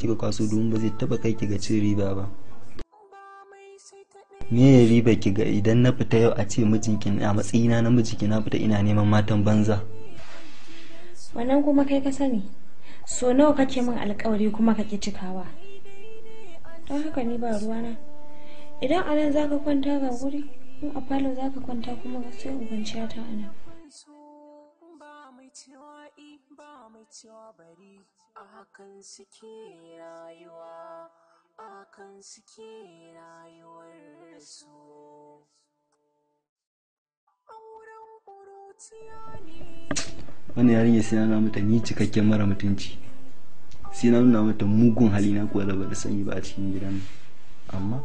kika kwaso domin ba zai taba kai ki ga cin riba ba me ya riba ki ga idan na fita yau a ce mijinki a matsayina na mijinki na fita ina neman matan banza wannan kuma kai ka sani so nawa kake min alkawari kuma kake cikawa don haka ni ba ruwana idan a nan zaka kwanta ga guri in a falo zaka kwanta kuma ga sai ubanciya ta akan suke rayuwa akan suke rayuwar su auren ne wani yarinya sai na mata ni cikakken mara mutunci sai na nuna mata mugun hali na kuwa da ba da sani ba a cikin gidan amma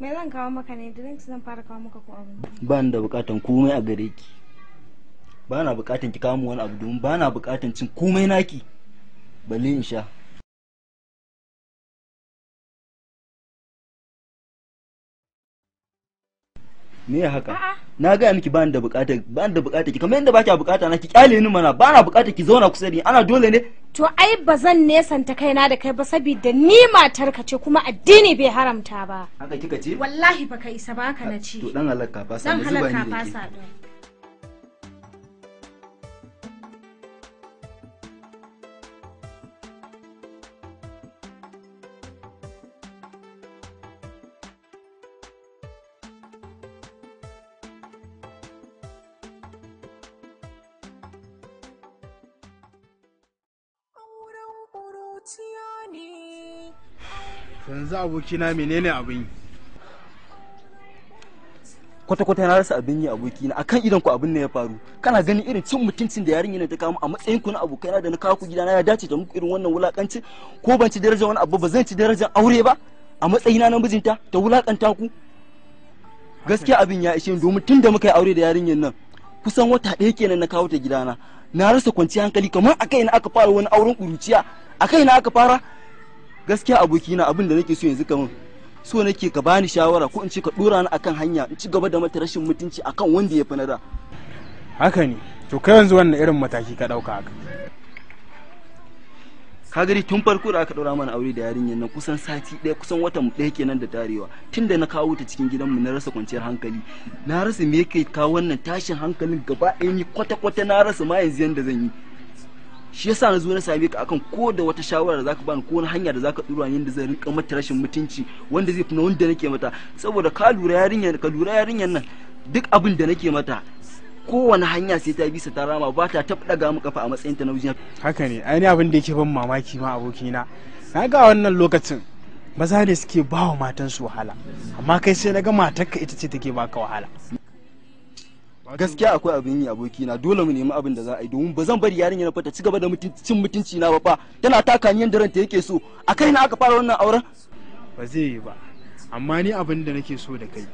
Me zan kawo maka ne drinks zan fara kawo maka ko abu. Ba ni da bukatan komai a gare ki. Ba na bukatan ki kawo wani abu domin ba na bukatan cin komai naki. Bale in sha. me ya haka na gaya miki ba da bukata ba da bukata ki kamar yadda ba kya bukata na ki kyale ni mana ba na bukata ki zauna kusa da ni ana dole ne to ai ba zan nesanta kaina da kai ba saboda ni matar ka ce kuma addini bai haramta ba haka kika ce wallahi baka isa ba ka na ci to dan halakka fasa ni da ke abokina menene abin yi kwata-kwata na rasa abin yi abokina na akan idan ku abin ne ya faru kana ganin irin cin mutuncin da yarinya ne ta kama a matsayin ku na abokai da na kawo ku gidana ya dace da muku irin wannan wulakanci ko ban ci darajar wani abu ba zan ci darajar aure ba a matsayina na mijinta ta wulakanta ku gaskiya abin ya ishe domin tun da muka yi aure da yarinyar nan kusan wata ɗaya kenan na kawo ta gidana na rasa kwanciya hankali kamar a kai na aka fara wani auren ƙuruciya a kai na aka fara gaskiya aboki na abin da nake so yanzu kamun so nake ka bani shawara ko in ce ka dora ni akan hanya in ci gaba da mata rashin mutunci akan wanda ya fi na da haka ne to kai yanzu wannan irin mataki ka dauka haka ka gari tun farko da aka dora mana aure da yarinyar nan kusan sati ɗaya kusan watan ɗaya kenan da tarewa tunda na kawo ta cikin gidanmu na rasa kwanciyar hankali na rasa me kai kawo wannan tashin hankalin gaba ɗaya ni kwata-kwata na rasa ma yanzu yanda zan yi shi yasa na zo na same ka akan ko da wata shawara zaka bani ko wani hanya da zaka dura yanda da zai rinka mata rashin mutunci wanda zai fina wanda nake mata saboda ka lura yarinyar ka lura yarinyar nan duk abin da nake mata kowane hanya sai ta bisa ta rama ba ta ɗaga mu kafa a matsayin ta na wajen haka ne ainihin abin da yake ban mamaki ma abokina na ga wannan lokacin maza ne suke ba wa matansu wahala amma kai sai na ga matarka ita ce take baka wahala gaskiya akwai abin yi abokina dole mu nemi abin da za a yi domin ba zan bari yarinya na fata ci gaba da cin mutunci na ba fa tana taka ni yadda ranta yake so a kai na aka fara wannan auren ba zai yi ba amma ni abin da nake so da kai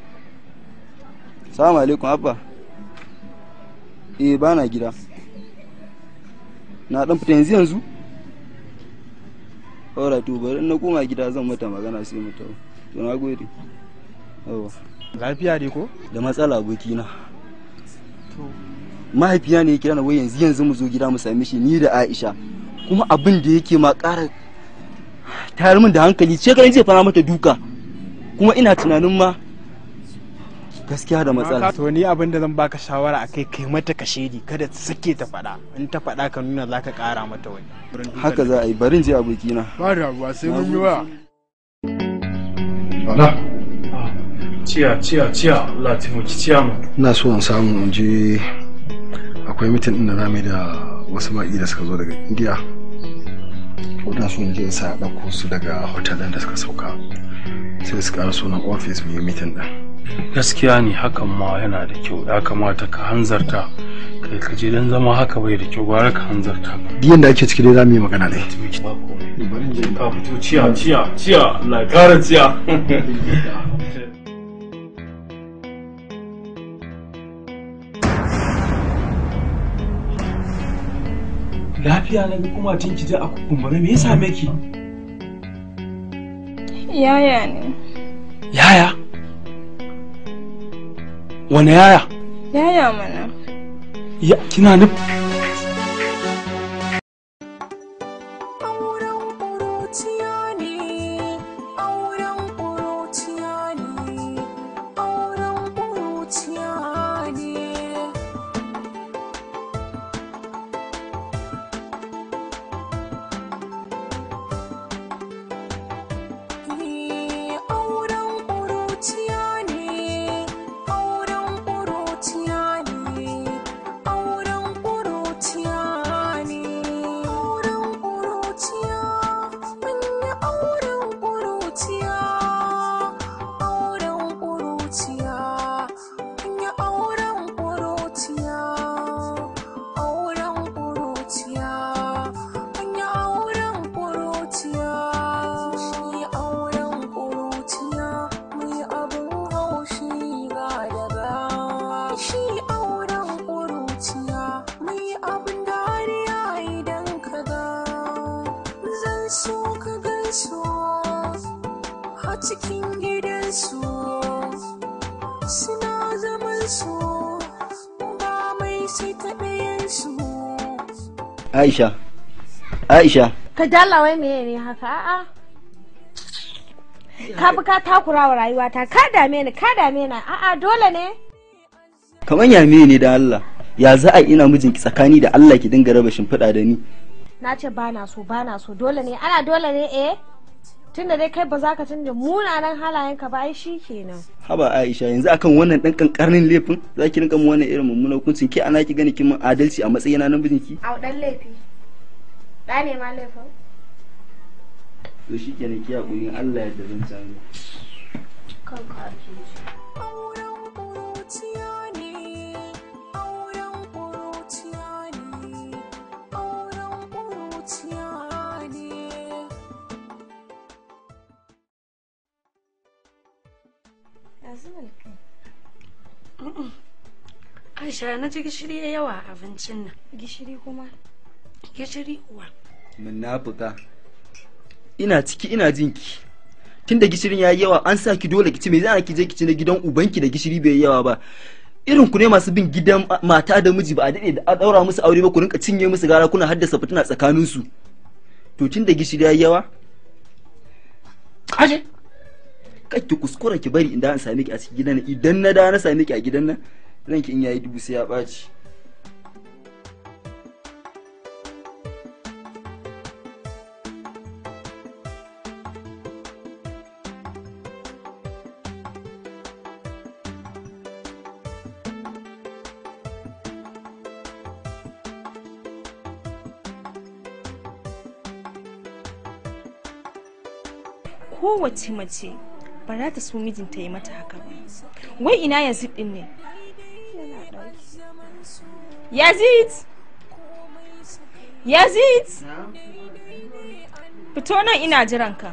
salamu alaikum abba eh bana gida na dan fita yanzu yanzu ora to bari na koma gida zan mata magana sai mu tawo to na gode lafiya ne ko da matsala abokina mahaifina ne ya kira na wai yanzu yanzu mu zo gida mu same shi ni da Aisha kuma abin da yake ma ƙara tayar min da hankali ce kan zai fara mata duka kuma ina tunanin ma gaskiya da matsala to ni abin da zan baka shawara a kai mata shedi kada ta sake ta fada in ta fada ka nuna zaka ƙara mata wani haka za a yi barin je abokina ba da sai mun yi wa ciya ciya ciya Allah taimaki ciya mu ina so in samu in je akwai mitin ɗin da zamu da wasu baƙi da suka zo daga indiya ina so je in sa ɗauko su daga hotel din da suka sauka sai su ƙara sunan ofis mu yi mitin din gaskiya ne hakan ma yana da kyau ya kamata ka hanzarta kai ka je don zama haka bai da kyau gwara ka hanzarta diyan da ake ciki dai za mu yi magana ne bari ciya ciya ciya la ciya Lafiya na ga kuma tun ki a kumbura me ya miki ki? Yaya ne. Yaya? Wane yaya? Yaya mana. Ya kina nufi aisha aisha ka dala wai meye ne haka a'a ka bi ka takura wa rayuwata ka dame ni ka dame ni. a'a dole ne Ka ya meye ne da Allah ya za a ina mijinki tsakani da Allah ki dinga raba shimfiɗa da ni na ce ba na so ba na so dole ne ana dole ne eh tunda dai kai ba za ka canja munanan halayenka ba ai shi kenan haba aisha yanzu akan wannan dan kankarnin laifin za ki rinƙa mu wannan irin mummunan hukuncin ke ana ki gani kin adalci a matsayina na mijinki au ɗan laifi Ɗa ne ma laifin to shikenan ki hakuri Allah ya da zan canza ka ake Aisha na ji gishiri ya yawa a abincin nan. Gishiri kuma? Gishiri uwa. buga. Ina ciki ina jinki. Tunda gishirin ya yi yawa an sa ki dole kici me za ki je kici na gidan ubanki da gishiri bai yawa ba. Irin ku ne masu bin gidan mata da miji ba a daɗe da a ɗaura musu aure ba ku rinka cinye musu gara kuna haddasa fitina tsakaninsu. To tunda gishiri ya yi yawa? Kaje! Kai ki kuskura ki bari inda an same ki a cikin gidan idan na da na same ki a gidan nan ranki in yayi dubu sai ya ɓaci kowace mace ba za ta so mijinta ya mata haka ba wai ina yanzu ɗin ne Yazid! Yazid! Fito nan ina jiranka ka.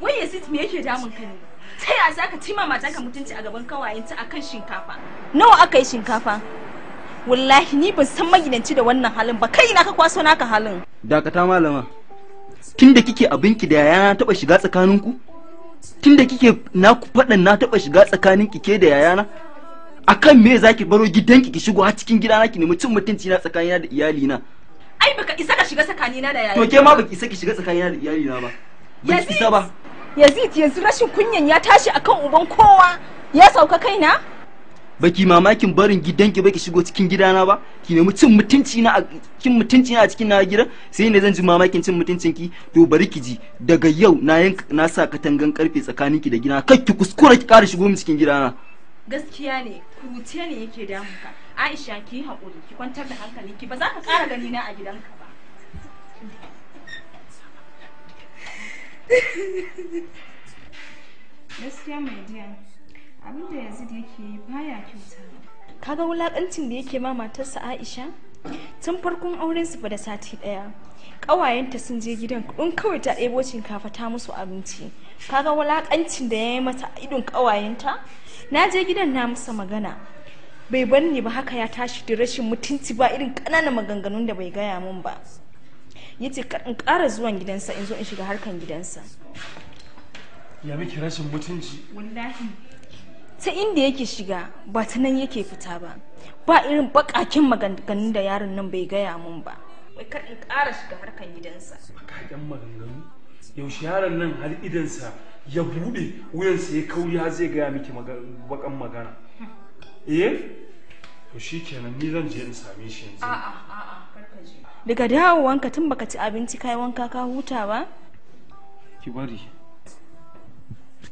Wai Yazid me yake damun ka ne? Ta yaya za ka tima matanka mutunci a gaban kawayenta a kan shinkafa? Nawa aka yi shinkafa? Wallahi ni ban san magidanci da wannan halin ba kai ina ka kwaso naka halin. Dakata malama. Tunda kike abinki da yayana taba shiga tsakaninku? Tunda kike na ku faɗin na taba shiga tsakanin kike da yayana? akan me zaki baro gidanki ki shigo a cikin gidana ki nemi cin mutunci na tsakanina da iyalina ai baka isa ka shiga tsakanina da iyali to ke ma baki isa ki shiga tsakanina da iyalina ba baki isa ba Yazid yanzu rashin kunyan ya tashi akan uban kowa ya sauka kaina baki mamakin barin gidanki baki shigo cikin gidana ba ki nemi cin mutunci na cikin mutunci na cikin na gida sai ne zan ji mamakin cin mutuncin ki to bari ki ji daga yau na na sa katangan karfe tsakaninki da gidana kai ki kuskura ki kara shigo mu cikin gidana gaskiya ne kuruciya ne yake damuka aisha ki yi haƙuri ki kwantar da ki ba za ka ƙara gani na a gidanka ba gaskiya mai diya abinda yanzu da yake yi baya kyauta kaga wulaƙancin da yake ma matarsa aisha tun farkon aurensu ba da sati ɗaya ƙawayenta sun je gidan in kawai ta ɗebo shinkafa ta musu abinci kaga walaƙancin da ya yi mata idon ƙawayenta na je gidan na musa magana bai bar ni ba haka ya tashi da rashin mutunci ba irin ƙananan maganganun da bai gaya min ba ya ce in ƙara zuwan gidansa in zo in shiga harkan gidansa ya miki rashin mutunci wallahi ta inda yake shiga ba ta nan yake fita ba ba irin baƙaƙen maganganun da yaron nan bai gaya min ba wai kar in ƙara shiga harkan gidansa makaƙen maganganu yaushe yaron nan har idansa ya buɗe wuyansa ya kauya zai gaya miki bakan magana eh shi kenan ni zan je in same shi yanzu a'a a'a daga dawowanka tun baka ci abinci kai wanka ka huta ba ki bari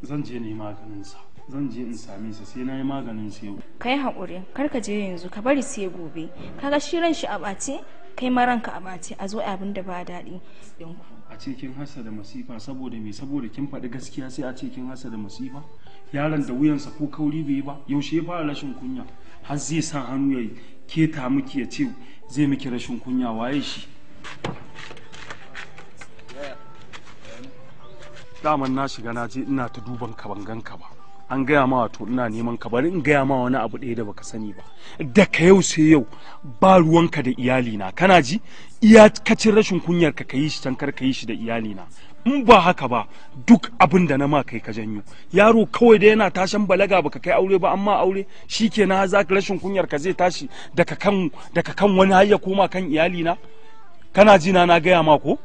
zan je ne maganinsa zan je in same sa sai na yi maganin sa yau kai hakuri kar ka je yanzu ka bari sai gobe kaga shi ran shi a ɓace kai ma a bace a zo abin da ba daɗi a ce kin hasa da masifa saboda me saboda kin faɗi gaskiya sai a ce kin hasa da masifa yaron da wuyansa ko kauri bai yi ba yaushe ya fara rashin kunya har zai sa hannu ya keta miki ya ce zai miki rashin kunya waye shi daman na shiga na je ina ta duban ka ban ganka ba an gaya ma wato ina neman ka bari in gaya ma wani abu ɗaya da baka sani ba da ka yau sai yau ba ruwanka da iyali na kana ji iya kacin rashin kunyar ka yi shi tankar ka yi shi da iyali na in ba haka ba duk abin da na ma kai ka janyo yaro kawai da yana tashan balaga baka kai aure ba amma aure shi shikenan za ka rashin kunyar ka zai tashi daga kan wani har ya koma kan iyali na kana ji na na gaya ma ko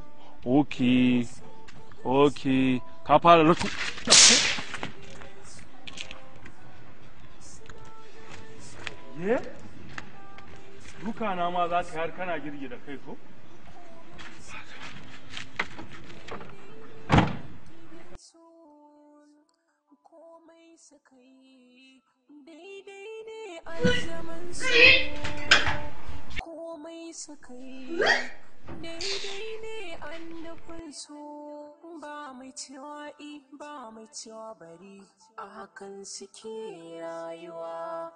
okay okay ka fara rutu Ye? Duka na ma za ka yar kana girgida kai ko? komai suka daidai ne an nufin so ba mai cewa i ba mai cewa bari a hakan suke rayuwa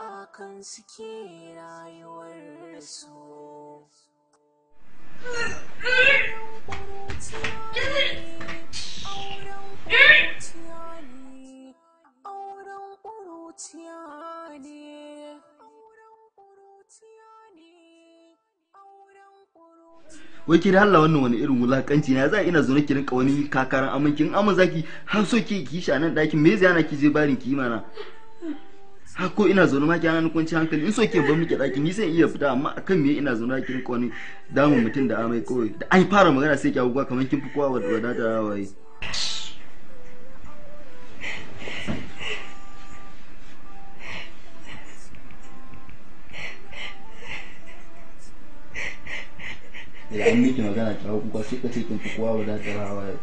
a kan suke rayuwarsu. wai ki da Allah wannan wani irin wulakanci na za ina zuwa ki ka wani kakaran amincin amma zaki har so ki ki a nan ɗakin me zai hana ki je barin ki mana har ko ina zaune ma kyanan kwanci hankali in so ke ban muke daki ni sai iya fita amma akan me ina zaune kin ko ni damun mutum da amai kawai da an fara magana sai ki agugwa kamar kin fi kowa da waye da an miki magana ta hau kuka sai ka ce kin fi kowa wadata waye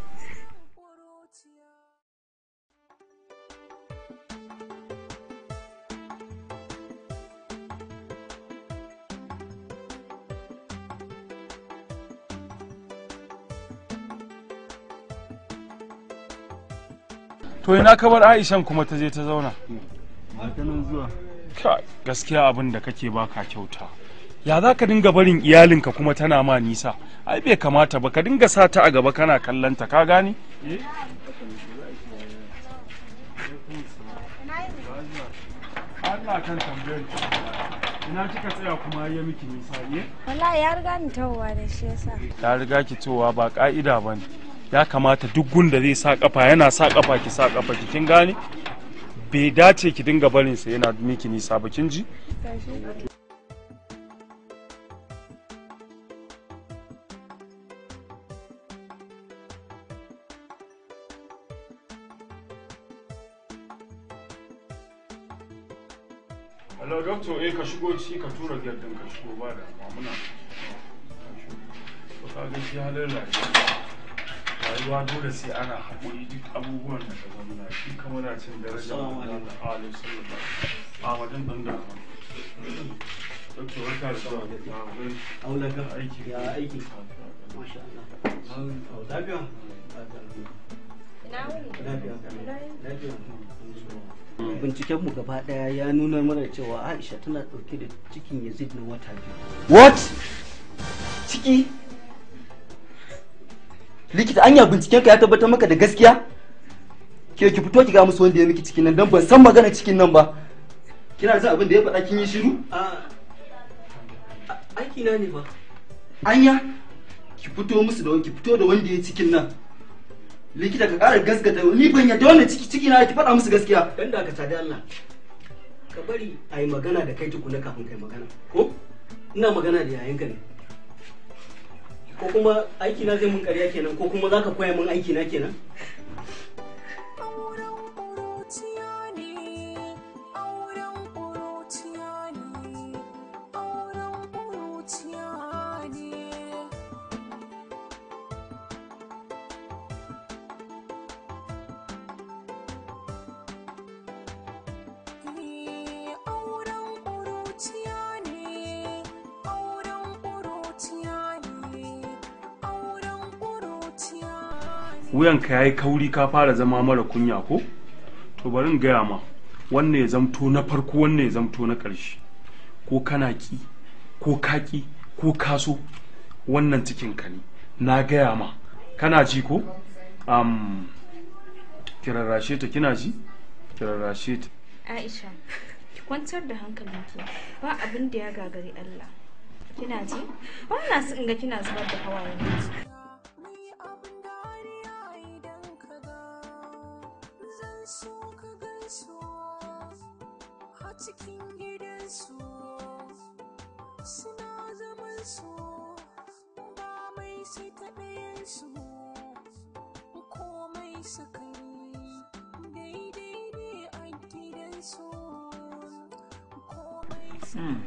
to ina kabar aishan kuma ta je ta zauna gaskiya abin da kake baka kyauta ya za ka dinga barin iyalinka kuma tana ma nisa ai bai kamata ba ka dinga sa ta a gaba kana kallanta ka gane Allah kan ina kika tsaya kuma ya miki nisa ne? Eh? Wallahi ya riga ni tawowa da shi yasa. Ta riga ki towa ba ka'ida bane. ya kamata duk gunda zai sa kafa yana sa kafa ki sa kafa ki kin gane bai dace ki dinga barin sa yana miki nisa ba kin ji Hello, doctor, eh ka shigo ciki ka tura gyardin ka shigo ba da muna. Ka ga shi halin rayuwa. rayuwa dole sai ana haƙuri duk abubuwan da ka zamana shi kama na cin daraja wannan halin sallallahu a wajen ɗan da kama dokta wata da zuwa da ɗan aulaka aiki ya aiki masha Allah lafiya lafiya lafiya gaba daya ya nuna mana cewa aisha tana dauke da cikin yazid na wata biyu what ciki likita anya binciken ka ya tabbatar maka da gaskiya ke ki fito ki ga musu wanda ya miki cikin nan dan ban san magana cikin nan ba kina jin abin da ya faɗa kin yi shiru aiki na ne ba anya ki fito musu da ki fito da wanda ya cikin nan likita ka ƙara gaskata ni ban yadda wannan ciki ciki na ki faɗa musu gaskiya dan da ka tada Allah ka bari a yi magana da kai tukuna kafin kai magana ko ina magana da yayin ka ne ko kuma aiki zai mun ƙarya kenan ko kuma zaka koya mun aikina na kenan wuyanka ya yi kauri ka fara zama mara kunya ko to bari in gaya ma wanne ya zamto na farko wanne ya zamto na ƙarshe ko kana ki ko kaki ko kaso wannan cikin ka ne na gaya ma kana ji ko um, kirarrashe ta kina ji kirarrashe ta aisha ki kwantar da hankalinki ba abin da ya gagari allah kina ji ba na in ga kina zubar da hawayen so ka a cikin gidansu suna zaman su ba mai sai daidai ne a su hmm.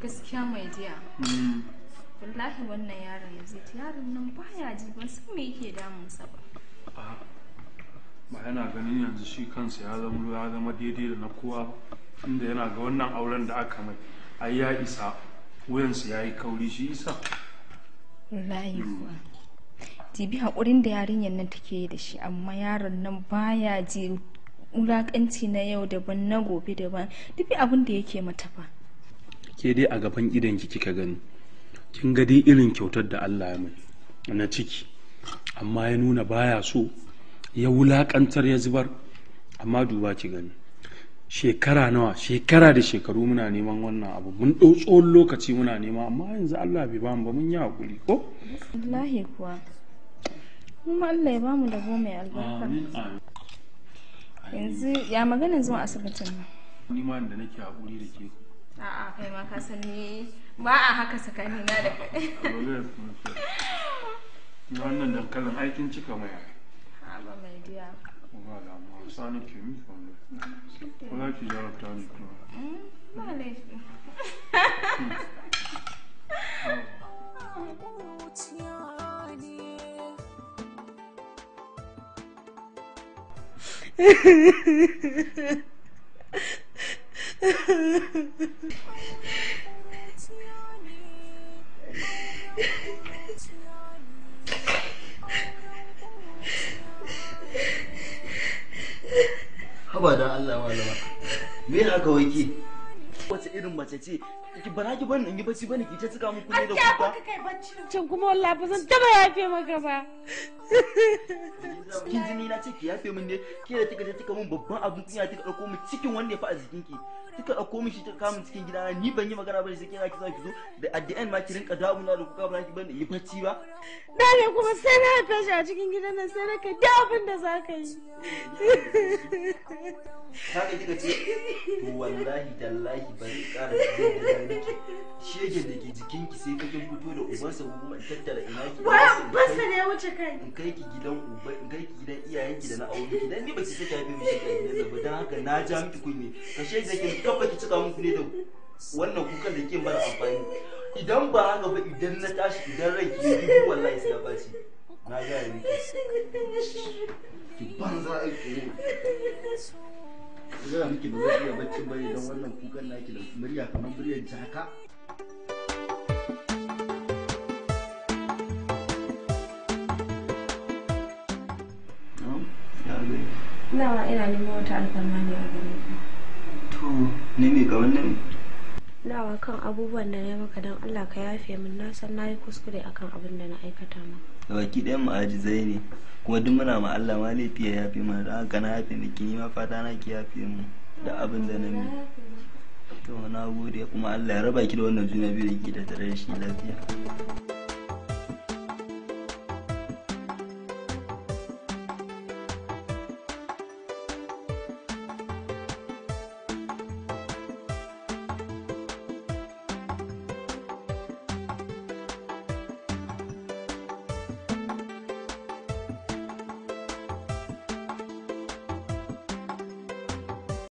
gaskiya mai hmm. wallahi wannan yaron yanzu yaron nan baya ji ban san me yake damunsa ba yana ganin yanzu shi kansu ya zama ya zama daidai da na kowa inda yana ga wannan auren da aka mai ai ya isa wuyansa ya yi kauri shi isa jibi haƙurin da yarinyar nan take da shi amma yaron nan baya ji wulaƙanci na yau daban na gobe daban duk abin da yake mata fa ke dai a gaban idan kika gani kin ga dai irin kyautar da Allah ya mai na ciki amma ya nuna baya so ya wulakantar ya zubar amma duba ci gani shekara nawa shekara da shekaru muna neman wannan abu mun ɗau tsohon lokaci muna nema amma yanzu Allah bai bamu ba mun yi hakuri ko wallahi kuwa ma Allah ya bamu da goma ya albarka yanzu ya magana zuwa asibitin nan ni ma da nake hakuri da ke a'a kai ma ka san ni ba a haka sakani na da kai wannan dankalin aikin cika mai anlamaydı ya. Var ama hastane kimmiş onu. Kolay ticaret tanıdık. Hı? Böyle işte. haba da Allah malama me haka wai ke wace irin mace ce ki bara ki bani in yi bacci bane ki ta tuka mun da kuka an kai bacci can kuma wallahi ba zan taba yafe maka ba kin ji ni na ce ki yafe min ne ki da kika je kika mun babban abin kunya kika dauko mu cikin wanda ya fa a jikin ki kika ɗauko min shi kika kamun cikin gidana ni ban yi magana bane sai kina ki zo ki zo da at the end ma ki rinka na da kuka ba ki bane yi bacci ba da ne kuma sai na haife shi a cikin gidan nan sai na kai da abin da za ka yi haka kika ce to wallahi tallahi ban kara shi yake da ke jikin ki sai kake fito da ubansa ko kuma tattara ina ki wai sa ne ya wuce kai in kai ki gidan uba in kai ki gidan iyayen ki da na aure ki dan ni ba sai ka haife mishi gidan nan ba dan haka na ja miki kunni kashe da ke ki kafa ki cika muku ne da wannan kukan da ke mara amfani idan ba haka ba idan na tashi idan rai ki yi wallahi sai na baci na ga ni ki banza ki ne ga miki ba zai iya baccin bane don wannan kukan naki da murya kamar muryar jaka Nawa ina neman wata alfarma ne a gare ku. to ne mai ga wannan dawa kan abubuwan da na maka don Allah ka yafe min na san na yi kuskure akan abin da na aikata ma baki ɗaya ma'ajizai ne kuma duk muna ma Allah ma laifi ya yafe mana da haka na yafe miki kini ma fata na ki yafe mu da abin da na mi to na gode kuma Allah ya raba ki da wannan juna biyu da ke da tare da shi lafiya